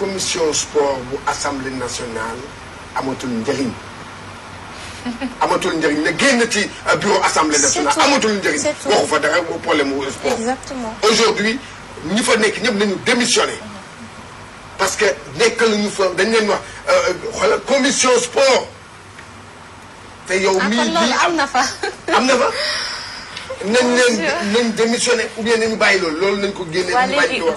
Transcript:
commission sport bu assemblée nationale amatul njëriñ. amatul njëriñ ne génn ci euh, bureau assemblée nationale amatul njëriñ. waxu fa dara problème mu sport. exactement aujourd'hui ñi fa nek ñëpp nañu démissionner parce que dès ñu fa dañ leen wax euh, xoola commission sport. te yow ah, mii di amna fa. Amna fa nañ leen nañ ou bien nañu bàyyi lool lool nañ ko génne. ñu bàyyi